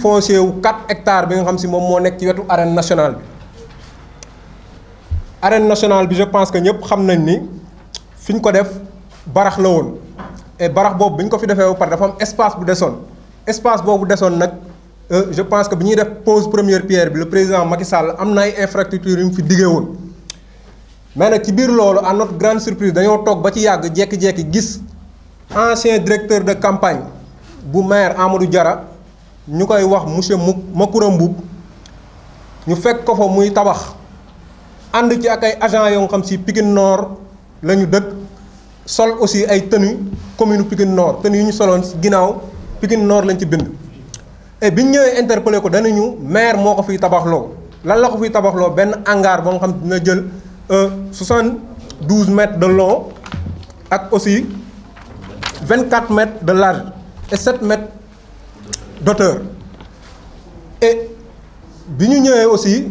titre foncier wu 4 hectares bi nga xam si moom moo nekk ci wetu arène nationale bi arène nationale bi je pense que ñëpp xam nañ ni fi ñu ko def barax la woon et barax boobu bi ñu ko fi defee ba pare dafa am espace bu desoon espace boobu desoon nag euh, je pense que bi ñuy def pose première pierre bi le président Macky Sall am na ay infrastructures yu mu fi diggee woon mais nag ci biir loolu à notre grande surprise dañoo toog ba ci yàgg jékki-jékki gis ancien directeur de campagne bu maire Amadou Diarra ñu koy wax monsieur Macoura Mboup ñu fekk ko fa muy tabax ànd ci ak ay agents yoo xam si Pikine noor la ñu dëkk sol aussi ay tenues commune Pikine Nord tenues yu ñu soloon ginnaaw Pikine Nord lañ ci bind. et biñ ñëwee interpellé ko danañu maire moo ko fiy tabaxloo lan la ko fiy tabaxloo benn hangar ba nga xam dina jël 72 euh, mètres de long ak aussi vingt 24 mètres de large et 7 mètres. d'auteur et bi ñu ñëwee aussi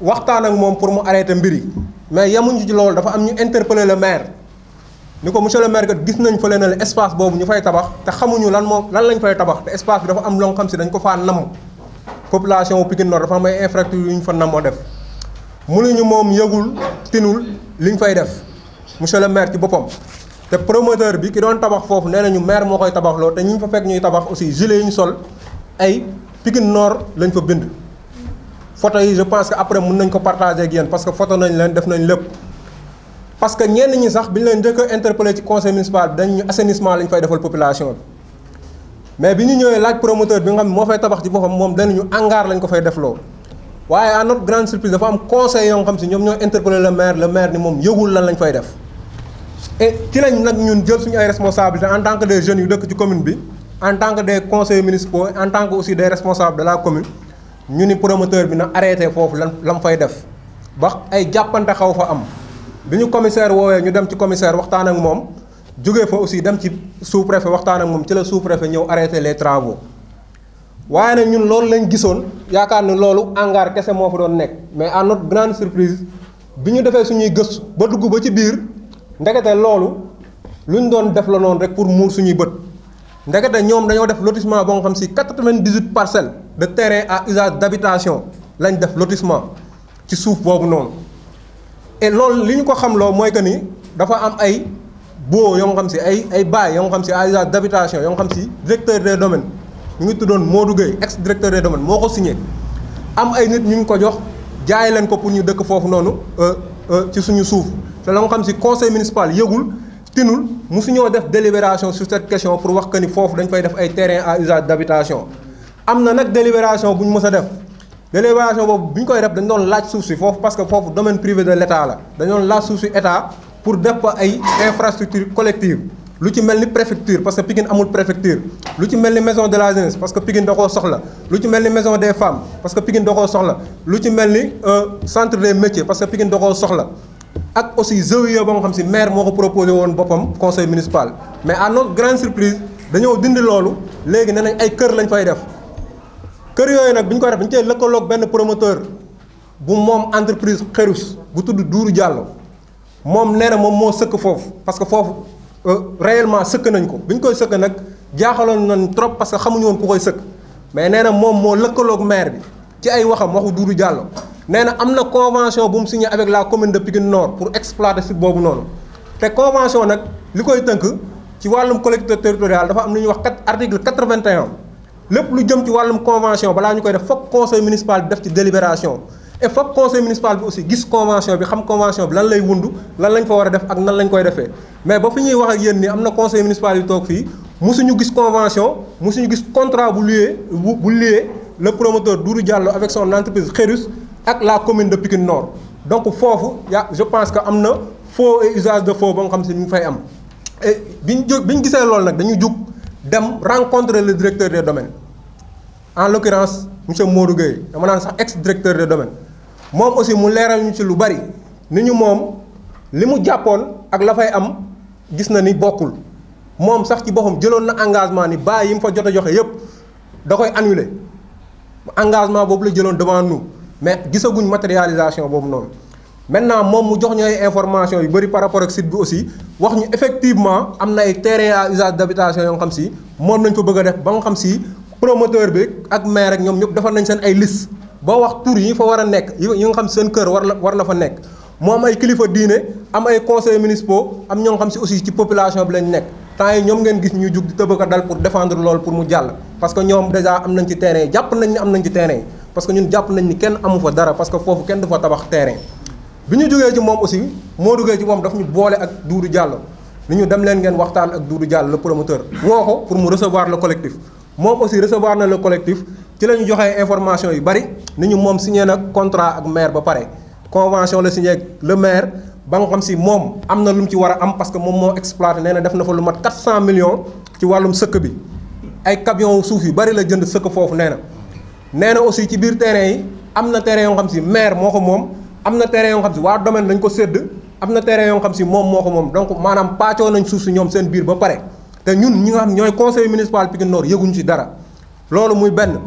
waxtaan ak moom pour mu arrêter mbir yi mais yemuñu ci loolu dafa am ñu interpeller le maire ni ko monsieur le maire kat gis nañ fële na le espace boobu ñu fay tabax te xamuñu lan moo lan lañ fay tabax te espace bi dafa am loo xam si dañ ko faa nam population bu Pikine Nord dafa may ay infrastructures yu ñu fa namoo def mu ñu moom yëgul tinul li ñu fay def monsieur le maire ci boppam. te promoteur bi ki doon tabax foofu nee nañu maire moo koy tabaxloo te ñi ñu fa fekk ñuy tabax aussi gilet yi ñu sol ay Pikine Nord lañ fa bind. photo yi je pense que après mun nañ ko partager ak parce que photo nañ leen def nañ lépp parce que ñenn ñi sax bi ñu leen njëkk a interpellé ci conseil municipal bi dañ ñu assainissement lañ fay defal population bi. mais bi ñu ñëwee laaj promoteur bi nga xam moo fay tabax ci boppam moom danañu hangar lañ ko fay defloo waaye à notre grande surprise dafa xam si ñoom ñoo interpellé le maire le maire ni moom yëgul lan lañ fay et ci lañ nag ñun jël suñu ay responsabilités en tant que des jeunes yu dëkk ci commune bi en tant que des conseillers municipaux en tant que aussi des responsables de la commune ñu ni promoteur bi na arrêté foofu lan la mu fay def ba ay jàppante xaw fa am bi ñu commissaire woowee ñu dem ci commissaire waxtaan ak moom jógee fa aussi dem ci sous-préfet waxtaan ak moom ci la sous-préfet ñëw arrêté les travaux waaye nag ñun loolu lañ gisoon yaakaar ne loolu hangar kese moo fa doon nekk mais à notre grande surprise bi ñu defee suñuy gëstu ba dugg ba ci biir. ndekete loolu luñ doon def la noonu rek pour muur suñuy bët ndekete ñoom dañoo def lotissement boo nga xam si quatre-vingt-dix-huit parcelles de terrain à usage d'habitation lañ def lotissement ci suuf boobu noonu et loolu li ñu ko xamloo mooy que ni dafa am ay boo yoo xam si ay ay bail yoo xam si à usage d'habitation yoo nga xam si directeur des domaines ñu ngi tuddoon moo Gueye ex directeur des domaines moo ko signé am ay nit ñu ñu ko jox jaay leen ko pour ñu dëkk foofu noonu euh, Euh, ci suñu suuf te la nga xam si conseil municipal yëgul tinul musu ñoo def délibération sur cette question pour wax que ni foofu dañ fay def ay terrain a usage d'habitation am na nag délibération bu ñu mës a def délibération boobu bu koy def dañ doon laaj suuf si foofu parce que foofu domaine privé de l'État la dañ doon laaj suuf si État pour def ay infrastructure collective lu ci mel ni préfecture parce que Pikine amul préfecture lu ci mel ni maison de la jeunesse parce que Pikine da soxla lu ci mel ni maison des femmes parce que Pikine da soxla lu ci mel ni euh, centre des métier parce que Pikine da koo soxla ak aussi ZEE ba nga xam si maire moo ko proposé woon boppam conseil municipal. mais à notre grande surprise dañoo dindi loolu léegi nee nañ ay kër lañu fay def kër yooyu nag bi ñu ko def dañu cee lëkkaloog benn promoteur bu moom entreprise Xerus bu tudd Duuru Diallo moom nee moom moo sëkk foofu parce que foofu. Euh, réellement sëkk nañ ko bi ñu koy sëkk nag jaaxaloon nañ trop parce que xamuñu woon ku koy sëkk mais neena moom moo lëkkaloog maire bi ci ay waxam waxu Doudou Diallo nee na am na convention bu mu signé avec la commune de Pikine Nord pour exploiter site boobu noonu te convention nag li koy tënk ci wàllum collectivité territoriale dafa am lu ñuy wax kat article 81 lépp lu jëm ci wàllum convention balaa ñu koy def foog conseil municipal bi def ci délibération et foog conseil municipal bi aussi gis convention bi xam convention bi lan lay wund lan lañ fa war a def ak nan lañ koy defee mais ba fi ñuy wax ak ni am na conseil municipal yu toog fii musuñu gis convention musuñu gis contrat bu lié bu lié le promoteur Doudou Diallo avec son entreprise Xérus ak la commune de Pikine Nord donc foofu ya je pense que am na faux et usage de faux ba nga xam si ñu ngi fay am bi ñu jóg bi ñu gisee loolu nag dañu jug dem rencontrer le directeur des domaines en l'occurrence monsieur Modou dama naan sax ex des domaines moom aussi mu leeral ñu ci lu bari ni ñu moom li mu jàppoon ak la fay am gis na ni bokkul moom sax ci boppam jëloon na engagement ni baa yi mu fa jot a joxe yépp da koy annuler engagement boobu la jëloon devant nous mais gisaguñ matérialisation boobu noonu maintenant moom mu jox ñu ay information yu bari par rapport ak site bi aussi wax ñu effectivement am na ay terrain à usage d'habitation yoo xam si moom lañ fa bëgg a def ba nga xam si promoteur bi ak maire ak ñoom ñëpp defar nañ seen ay liste boo wax tur yi fa war a nekk yi nga xam seen kër war na war na fa nekk mu am ay kilifa diine am ay conseils municipaux am ñoo xam si aussi ci population bi lañ nekk temps yi ñoom ngeen gis ñu jug di tëb a dal pour defendre loolu pour mu jàll parce que ñoom déjà am nañ ci terrain yi jàpp nañ ni am nañ ci terrain yi parce ñun jàpp nañ ni kenn amu fa dara parce que foofu kenn du fa tabax terrain bi ñu jógee ci moom aussi moo duggee ci moom daf ñu boole ak Doudou jàll li ñu dem leen ngeen waxtaan ak Doudou Diallo le promoteur woo ko pour mu recevoir le collectif moom aussi na le collectif ci la ñu joxee information yi bari ni ñu moom signé nag contrat ak maire ba pare convention la signé ak le maire ba nga xam si moom am na lu mu ci war a am parce que moom moo exploité nee na def na fa lu mat 400 millions ci wàllum sëkk bi ay camion suuf yu bari la jënd sëkk foofu nee na. nee na aussi ci biir terrain yi am na terrain yoo xam si maire moo ko moom am na terrain yoo xam si waa domaine dañ ko sedd am na terrain yoo xam si moom moo ko moom donc maanaam pàccoo nañ suuf si ñoom seen biir ba pare ñun ñi nga xam conseil municipal Pikine Nord yëguñu ci dara loolu muy benn.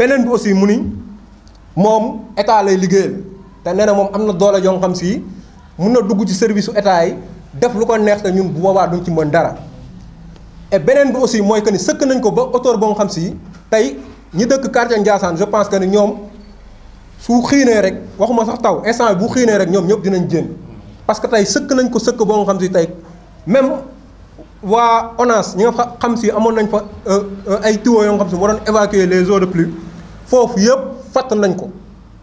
beneen bi aussi mu ni moom état lay liggéeyal te nee na moom am na doole yoo xam si mun na dugg ci service su état yi def lu ko neex te ñun bu boobaa duñ ci mën dara. et beneen bi aussi mooy que ni sëkk nañ ko ba auteur boo xam si tey ñi dëkk quartier Ndiassane je pense que ni ñoom su xiinee rek waxuma sax taw instant bu xiinee rek ñoom ñëpp dinañ jën parce que tey sëkk nañ ko sëkk boo xam si tey même. waa ONAS ñi nga xam si amoon nañ fa euh, euh, ay tuyaux yoo xam si moo doon évacuer les eaux de pluie foofu yëpp fatt nañ ko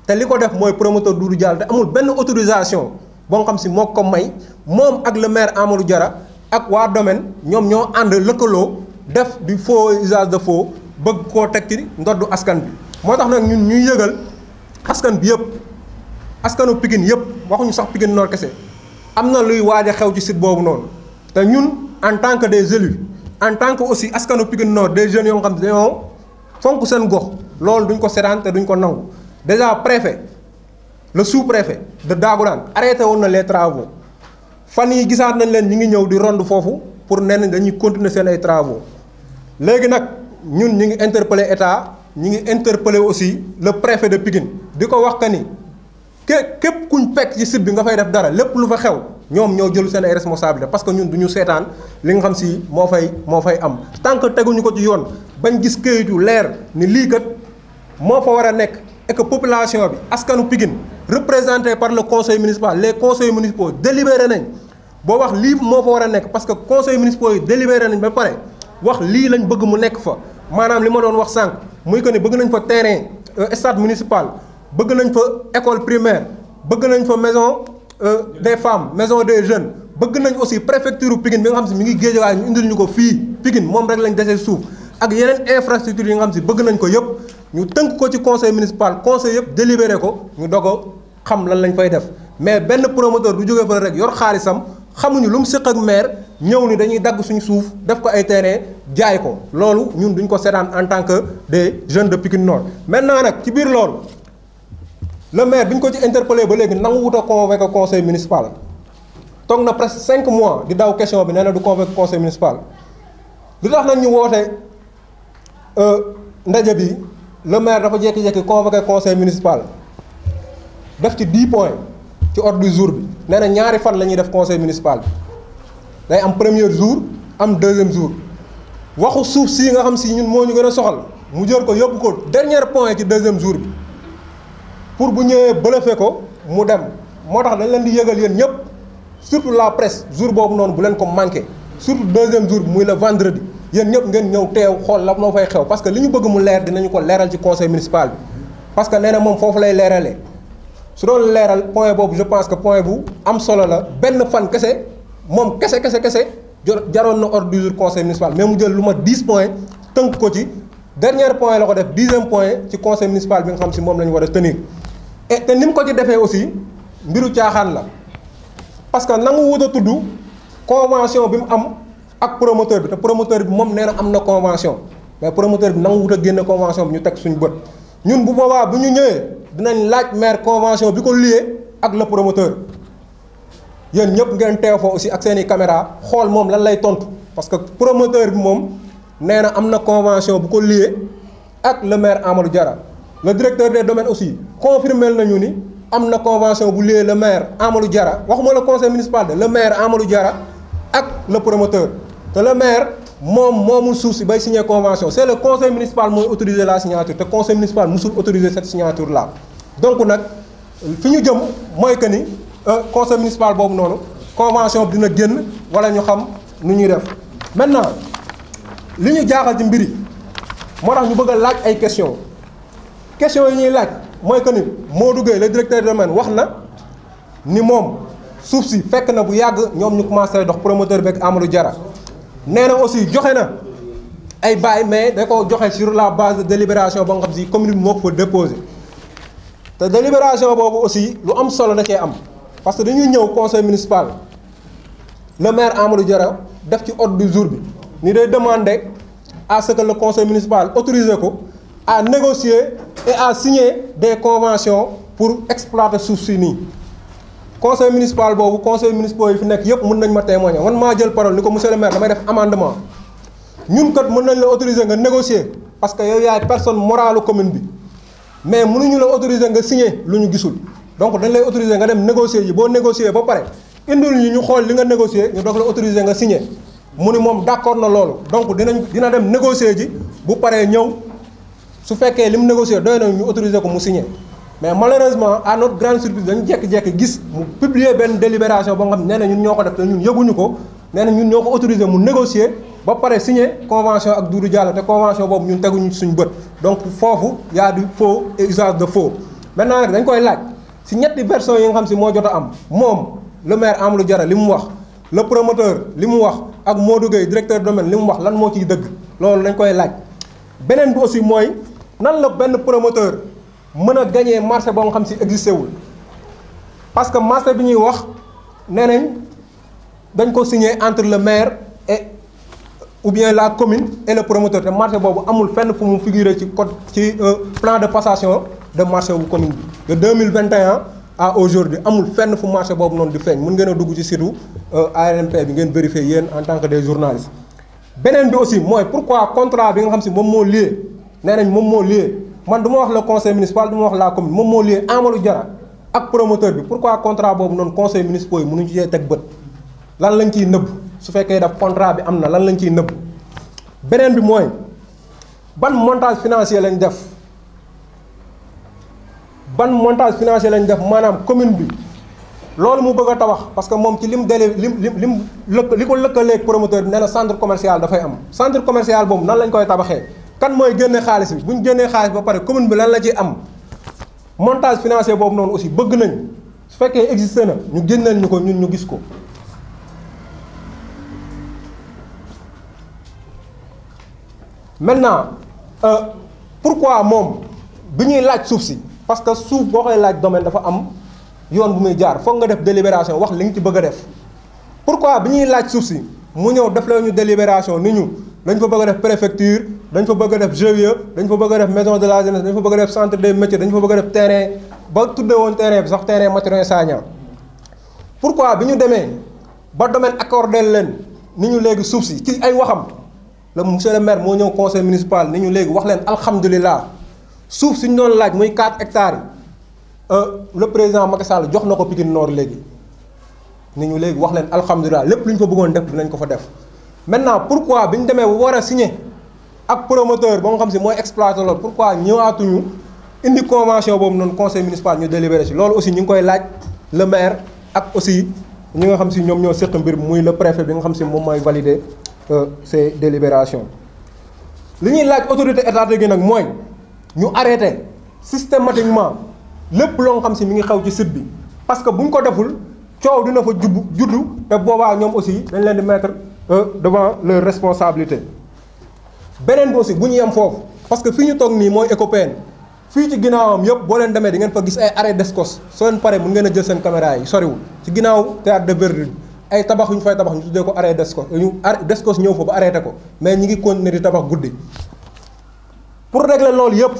te li ko def mooy promoteur Doudou Diallo te amul benn autorisation boo xam si moo ko may moom ak le maire Amadou Diarra ak waa domaine ñoom ñoo ànd lëkkaloo def di faux usage de faux bëgg koo teg ci ndoddu askan bi moo tax nag ñun ñuy yëgal askan bi yëpp askanu Pikine yëpp waxuñu sax Pikine Nord kese am na luy waaj a xew ci site boobu noonu te ñun en tant que des élus en tant que aussi askanu Pikine Nord des jeunes yoo xam ne dañoo fonk seen gox loolu duñ ko seetaan te duñ ko nangu déjà préfé le sous-préfet de Dagoudane arrêté woon na lee travaux fan yi gisaat nañ leen ñu ngi ñëw di rond foofu pour nee nañ dañuy continuer seen ay travaux léegi nag ñun ñu ngi interpeller état ñu ngi interpeller aussi le préfet de Pikine di ko wax que ni. képp kuñ fekk ci site bi nga fay def dara lépp lu fa xew ñoom ñoo jël seen ay responsabilité parce que ñun du ñu seetaan li nga xam si moo fay moo fay am tant que teguñu ko ci yoon bañ gis këyit yu leer ni lii kat moo fa war a nekk et que population bi askanu Pikine représenter par le conseil municipal les conseils municipaux délibéré nañ boo wax lii moo fa war a nekk parce que conseil municipaux yi délibéré nañ ba pare wax lii lañ bëgg mu nekk fa maanaam li ma doon wax sànq muy que ne bëgg nañ fa terrain euh, stade municipal bëgg nañ fa école primaire bëgg nañ fa maison euh, des femmes maison des jeunes bëgg nañ aussi préfecture Pikine bi nga xam si mu ngi géejawaay ñu indil ñu ko fii Pikine moom rek lañ dese suuf ak yeneen infrastructure yi nga xam si bëgg nañ ko yëpp ñu tënk ko ci conseil municipal conseil yëpp délibéré ko ñu doog xam lan lañ fay def mais benn promoteur du jógee fa rek yor xaalisam xamuñu lu mu séq ak maire ñëw ni dañuy dagg suñu suuf def ko ay terrain jaay ko loolu ñun duñ ko seetaan en tant que des jeunes de Pikine Nord maintenant nag ci biir loolu le maire bi ñu ko ci interpellé ba léegi nangu wut a convoqué conseil municipal toog na presque cinq mois di daw question bi nee na du convoqué conseil municipal lu tax nag ñu woote euh, ndaje bi le maire dafa jékki-jékki convoqué conseil municipal def ci 10 points ci ordre du jour bi nee na ñaari fan la ñuy def conseil municipal bi day am premier jour am deuxième jour waxu suuf si nga xam si ñun moo ñu gën a soxal mu jël ko yóbbu ko dernier point ci deuxième jour bi pour bu ñëwee bëlëfe ko mu dem moo tax dañ leen di yëgal yéen ñëpp surtout la presse jour boobu noonu bu leen ko manqué surtout deuxième jour muy le vendredi yéen ñëpp ngeen ñëw teew xool la moo fay xew parce que li ñu bëgg mu leer dinañu ko leeral ci conseil municipal bi parce que nee moom foofu lay leeralee su doon leeral point boobu je pense que point bu am solo la benn fan kese moom kese kese kese jaroon na ordre du jour conseil municipal mais mu jël ma 10 points tënk ko ci dernier point la ko def dixième ci conseil municipal bi nga si moom la ñu war a et te ni mu ko ci defee aussi mbiru caaxaan la parce que nangu wut a tudd convention bi mu am ak promoteur bi te promoteur bi moom nee na am na convention mais promoteur bi nangu wut a génne convention bi ñu teg suñu bët ñun bu boobaa bu ñu ñëwee dinañ laaj maire convention bi ko lie ak le promoteur yéen ñëpp ngeen teew fa aussi ak seen i caméra xool moom lan lay tontu parce que promoteur bi moom nee na am na convention bu ko lie ak le maire Amadou jara le directeur des domaines aussi confirmé nañu ni am na convention bu lié le maire Amadou jara waxuma la conseil municipal de le maire Amadou Diarra ak le promoteur te le maire moom moomul suuf si bay signer convention c' est le conseil municipal mooy autoriser la signature te conseil municipal musul autoriser cette signature là donc nag fi ñu jëm mooy que ni euh, conseil municipal boobu noonu convention bi dina génn wala ñu xam nu ñuy def maintenant li ñu jaaxal ci mbiri moo tax ñu bëgg a ay questions question yi ñuy laaj mooy que ni moo duggee le directeur de domaine wax na ni moom suuf si fekk na bu yàgg ñoom ñu commencé dox promoteur beeg Amadou Diarra nee na aussi joxe na ay bail mais da ko joxe sur la base de délibération ba nga xam si commune bi moo déposé te délibération boobu aussi lu am solo da cee am parce que dañuy ñëw conseil municipal le maire Amadou Diarra def ci ordre du jour bi ni day demander à que le conseil municipal autorise ko à négocier. et à signer des conventions pour exploiter suuf si nii conseil municipal boobu conseil municipal yi fi nekk yëpp mun nañ ma témoigner man maa jël parole ni ko monsieur le maire damay def amendement ñun kat mun nañ la autoriser nga négocier parce que yow yaay personne morale commune bi mais mënuñu la autoriser nga signer lu ñu gisul donc dañ lay autorisé nga dem négocier yi boo négocier ba pare indil ñu ñu xool li nga négocier ñu doog la autoriser nga signer mu ni moom d'accord na loolu donc dinañ dina dem négocier ji bu paree ñëw. su fekkee li mu négocié doy na ñu autorisé ko mu signé mais malheureusement à notre grande surprise dañu jékki-jékki gis mu publier benn délibération boo xam ne na ñun ñoo ko def te ñun yëguñu ko ne na ñu ñoo ko autorisé mu négocier ba pare signé convention ak Doudou Diallo te convention boobu ñun teguñu suñu bët donc foofu yaa a du faux et usage de faux maintenant nag dañ koy laaj si ñetti version yi nga xam si moo jot am moom le am lu jara li mu wax le promoteur li mu wax ak Modou directeur domaine li mu wax lan moo ciy dëgg loolu dañ koy laaj beneen bi mooy nan la benn promoteur mën a gagné marché boo nga xam si existé wul parce que marché bi ñuy wax nee nañ dañ ko signé entre le maire et ou bien la commune et le promoteur te marché boobu amul fenn fu mu figurer ci code ci euh, plan de passation de marché wu commune bi de 2021 à aujourd'hui amul fenn fu marché boobu noonu di feeñ mun ngeen a dugg ci surtout euh, ARMP bi ngeen vérifier yéen en tant que des journalistes beneen bi aussi mooy pourquoi contrat bi nga xam si moom moo lié nee nañ moom moo lié man du ma wax la conseil municipal du wax la commune moom moo lié Amadou Diarra ak promoteur bi pourquoi contrat boobu noonu conseil municipal yi mënuñu ci teg bët lan lañ ciy nëbb su fekkee daf contrat bi am na lan lañ ciy nëbb beneen bi mooy ban montage financier lañ def ban montage financier lañ def maanaam commune bi loolu mu bëgg a tabax parce que moom ci lim délai lim li mu lëkk li ko lëkkalee promoteur bi nee na centre commercial dafay am centre commercial boobu nan lañ koy tabaxee. kan mooy génne xaalis bi bu ñu génnee xaalis ba pare commune bi lan la ci am montage financier boobu noonu aussi bëgg nañ su fekkee existé na ñu génneel ñu ko ñun ñu gis ko. maintenant euh, pourquoi moom bi ñuy laaj suuf si parce que suuf boo koy laaj domaine dafa am yoon bu muy jaar foog nga def délibération wax li nga ci bëgg a def pour pourquoi bi ñuy laaj suuf si mu ñëw def la ñu délibération ni ñu lañ fa bëgg a def préfecture. dañ fa bëgg a def GIE dañ fa bëgg a def maison de la jeunesse dañ fa bëgg a def centre des métiers dañ fa bëgg a def terrain ba tudde woon terrain bi sax terrain Mathurin Sagna pourquoi bi ñu demee ba domaine accordé leen ni ñu léegi suuf si ci ay waxam la monsieur le maire moo ñëw conseil municipal ni ñu léegi wax leen alhamdulilah suuf si ñu doon laaj muy 4 hectares yi euh, le président Macky Sall jox na ko Pikine Nord léegi ni ñu léegi wax leen alhamdulilah lépp lu ñu fa bëggoon def ko fa def maintenant pourquoi bi ñu demee war a signé. ak promoteur ba nga xam si mooy exploité loolu pourquoi ñëwaatuñu indi convention boobu noonu conseil municipal ñu délibéré si loolu aussi ñu ngi koy laaj le maire ak aussi ñi nga xam si ñoom ñoo séq mbir muy le préfet bi nga xam si moom mooy valider euh, ces délibérations li ñuy laaj autorité étatique gi nag mooy ñu arrêté systématiquement lépp loo xam si mu ngi xew ci site bi parce que bu ñu ko deful coow dina fa jubb juddu te boobaa ñoom aussi dañ leen di mettre euh, devant leur responsabilité beneen bi aussi bu ñu yem foofu parce que fii ñu toog nii mooy Ecopene fii ci ginnaawam yëpp booleen demee di ngeen fa gis ay arrêt d'escos soo leen paree mun ngeen a jël seen caméra yi soriwul ci ginnaaw théâtre de verdure ay tabax yu ñu fay tabax ñu tuddee ko arrêt d'escos ñu arrêt d'escos ñëw fa ba arrêté ko mais ñi ngi continuer di tabax guddi pour régler loolu yëpp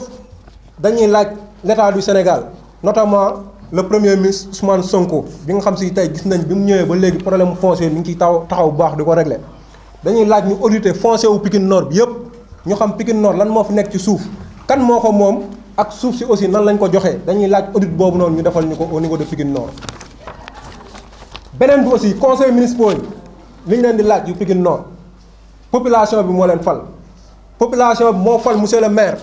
dañuy laaj l'état du Sénégal notamment le premier ministre Ousmane Sonko bi nga xam si tey gis nañ bi mu ñëwee ba léegi problème foncier mi ngi ciy taw taxaw bu baax di ko régler dañuy laaj ñu auditer foncier wu Pikine Nord yëpp ñu xam Pikine Nord lan moo fi nekk ci suuf kan moo ko moom ak suuf si aussi nan lañ ko joxee dañuy laaj audit boobu noonu ñu defal ñu ko au niveau de Pikine Nord. beneen bi conseil municipal yi li ñu leen di laaj yu Pikine Nord population bi moo leen fal population bi moo fal monsieur le maire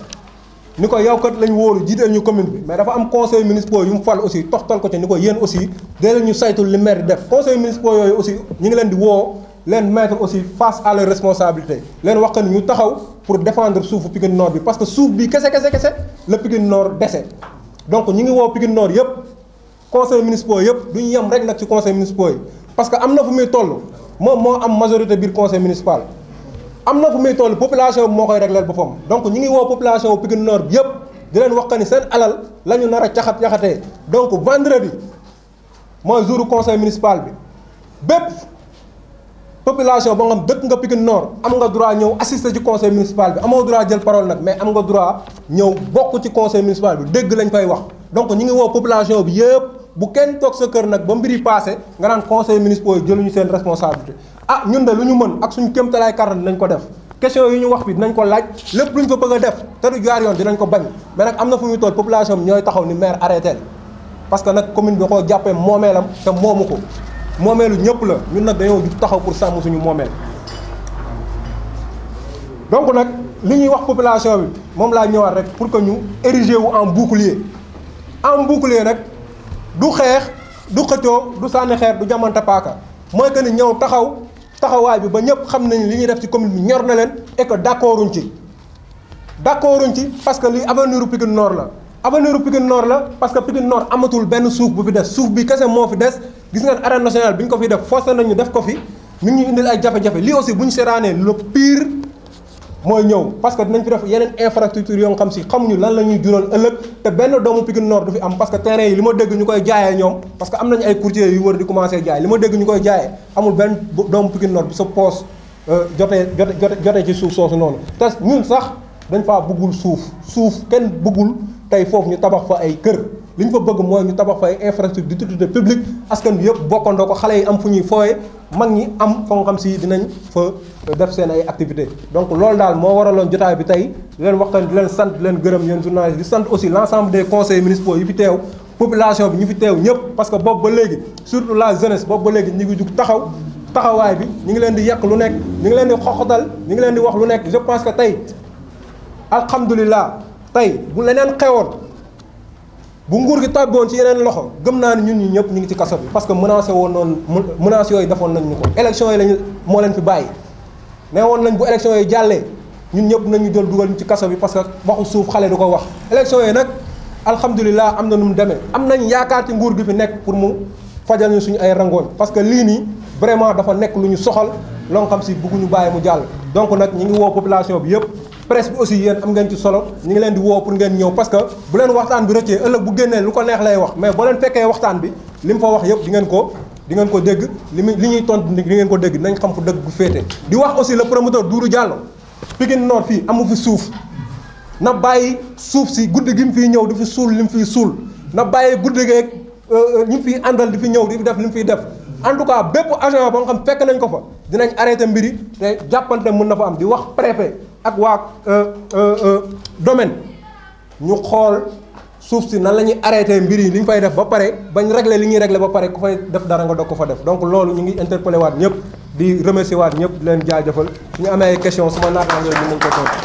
ni ko yow kat lañ wóolu jiiteel ñu commune bi mais dafa am conseil municipal yu mu fal aussi toxtal ko ci ni ko yéen aussi dee leen ñu saytul li maire di def conseil municipal yooyu aussi ñu ngi leen di woo leen mettre aussi face à leur leen wax que ñu taxaw. pour défendre suufu Pikine Nord bi parce que suuf bi kese kese kese la Pikine Nord dese donc ñu ngi woo Pikine Nord yëpp conseil municipal yëpp du ñu yem rek nag ci conseil municipal yi parce que am na fu muy toll moom moo am majorité biir conseil municipal am na fu muy toll population bi moo koy régleel boppam donc ñu ngi woo population Pikine Nord bi yëpp di leen wax que ni seen alal la ñu nar a caxat caxatee donc vendredi mooy jouru conseil municipal bi bépp population ba nga xam dëkk nga Pikine Nord am nga droit ñëw assister ci conseil municipal bi amoo droit jël parole nag mais am nga droit ñëw bokk ci lañ fay wax donc ñu ngi woo population bi yëpp bu kenn toog sa kër nag ba mbiri passé nga naan conseil municipal yi jëluñu seen responsabilité ah ñun de lu ñu mën ak suñu kéemtalaay kàttan dinañ ko def question yi ñu wax bi dinañ ko laaj lépp lu ñu bëgg def te du dinañ ko bañ mais am na fu ñu tool population bi ñooy taxaw ni maire arrêté parce que nag commune bi koo jàppee moomeelam te moomu ko moomeelu ñëpp la ñun nag dañoo jug taxaw pour sàmm suñu moomeel donc nag li ñuy wax population bi moom laa ñëwaat rek pour que ñu érigé wu en bouclier en bouclier nag du xeex du xëccoo du sànni xeer du jamante paaka mooy que ni ñëw taxaw taxawaay bi ba ñëpp xam nañ li ñuy def ci commune bi ñor na leen et que d'accorduñ ci d'accorduñ ci parce que li avenir u Pikine Nord la avenir u Pikine Nord la parce que Pikine Nord amatul benn suuf bu fi des suuf bi kese moo fi des gis ngeen arène nationale bi ñu ko fi def forcé nañu def ko fi ñu ñu indil ay jafe-jafe lii aussi bu ñu seeraanee le pire mooy ñëw parce que dinañ fi def yeneen infrastructure yoo xam si xamuñu lan la ñuy jural ëllëg te benn doomu Pikine Nord du fi am parce que terrain yi li ma dégg ñu koy jaayee ñoom parce que am nañu ay courtiers yu wër di commencé jaay li ma dégg ñu koy jaayee amul benn doomu Pikine Nord bi sa poos euh, jotee jotee jotee ci suuf soosu noonu te ñun sax dañ faa bëggul suuf tey foofu ñu tabax fa ay kër li ñu fa bëgg mooy ñu tabax fa ay infrastructure d'utilité publique askan bi yëpp bokkandoo ko xale yi am fu ñuy fooye mag ñi am foo nga xam si dinañ fa euh, def seen ay activité donc loolu daal moo waraloon jotaay bi tey di leen waxtaan di leen sant leen gërëm yéen journaliste di sant aussi l'ensemble des conseils municipaux yi fi teew population bi ñu fi teew ñëpp parce que boobu ba léegi surtout la jeunesse boobu ba léegi ñu ngi jug taxaw taxawaay bi ñu ngi leen di yàq lu nekk ñu ngi leen di xoxotal ñu ngi leen di wax lu nekk je pense que tey alhamdulilah tey bu leneen xewoon bu nguur gi tàbboon ci yeneen loxo gëm naa ne ñun ñi ñëpp ñu ngi ci kaso bi parce que menacé woon noonu menaces yooyu defoon nañu ñu ko élection yi lañu moo leen fi bàyyi nee woon nañ bu élection yi jàllee ñun ñëpp nañu jël dugal ñu ci kaso bi parce que waxu suuf xale du ko wax élection yi nag alhamdulilah am na nu mu demee am nañ yaakaar ci nguur gi fi nekk pour mu fajal ñu suñu ay rangooñ parce que lii nii vraiment dafa nekk lu ñu soxal loo xam si bëgguñu bàyyi mu jàll donc nag ñi ngi woo population bi yëpp presse aussi yéen am ngeen ci solo ñu ngi leen di woo pour ngeen ñëw parce que bu leen waxtaan bi rëccee ëllëg bu génnee lu ko neex lay wax mais boo leen fekkee waxtaan bi li mu fa wax yëpp di ngeen ko di ngeen ko dégg li mu li ñuy tontu di ngeen ko dégg nañ xam fu dëgg bu di wax aussi le promoteur Doudou Diallo Pikine Nord fii amu fi suuf na bàyyi suuf si guddi gi mu fiy ñëw di suul li mu fi suul na bàyyi guddi geeg euh, euh, ñu fiy àndal di fi ñëw di fi def li mu fiy def. en tout cas bépp agent ba nga xam fekk nañ ko fa dinañ arrêté mbiri te jàppante mën na fa am di wax préfet ak waa euh, euh, euh, domaine ñu xool suuf si nan la ñuy arrêté mbir yi li ñu fay def ba pare bañ régler li ñuy regle ba pare ku fay def dara nga doog ko fa def donc loolu ñu ngi interpellé waat ñëpp di remercier waat ñëpp leen jaajëfal su ñu amee ay questions su ma naataangoo ñu ko tontu